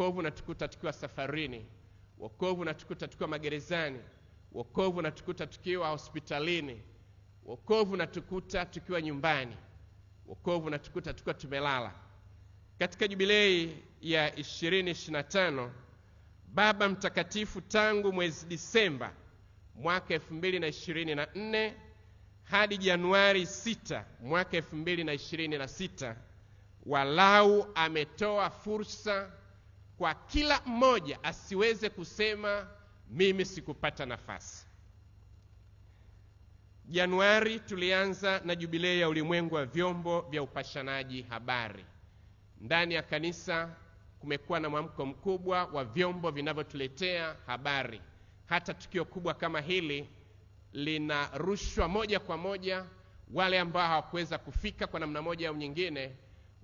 Wokovu unatukuta tukiwa safarini, wokovu unatukuta tukiwa magerezani, wokovu unatukuta tukiwa hospitalini, wokovu unatukuta tukiwa nyumbani, wokovu unatukuta tukiwa tumelala. Katika jubilei ya 2025 Baba Mtakatifu tangu mwezi Disemba mwaka 2024 hadi Januari 6 mwaka 2026 walau ametoa fursa kwa kila mmoja asiweze kusema mimi sikupata nafasi. Januari tulianza na jubilei ya ulimwengu wa vyombo vya upashanaji habari. Ndani ya kanisa kumekuwa na mwamko mkubwa wa vyombo vinavyotuletea habari. Hata tukio kubwa kama hili linarushwa moja kwa moja, wale ambao hawakuweza kufika kwa namna moja au nyingine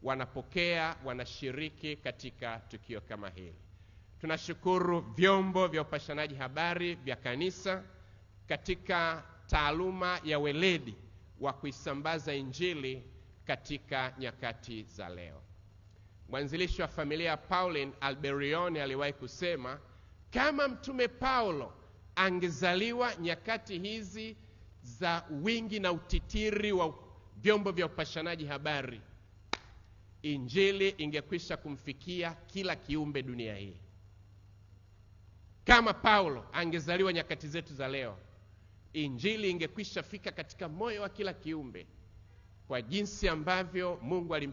wanapokea, wanashiriki katika tukio kama hili. Tunashukuru vyombo vya upashanaji habari vya kanisa katika taaluma ya weledi wa kuisambaza Injili katika nyakati za leo. Mwanzilishi wa familia ya Pauline Alberione aliwahi kusema kama Mtume Paulo angezaliwa nyakati hizi za wingi na utitiri wa vyombo vya upashanaji habari injili ingekwisha kumfikia kila kiumbe dunia hii. Kama Paulo angezaliwa nyakati zetu za leo, injili ingekwisha fika katika moyo wa kila kiumbe kwa jinsi ambavyo Mungu alim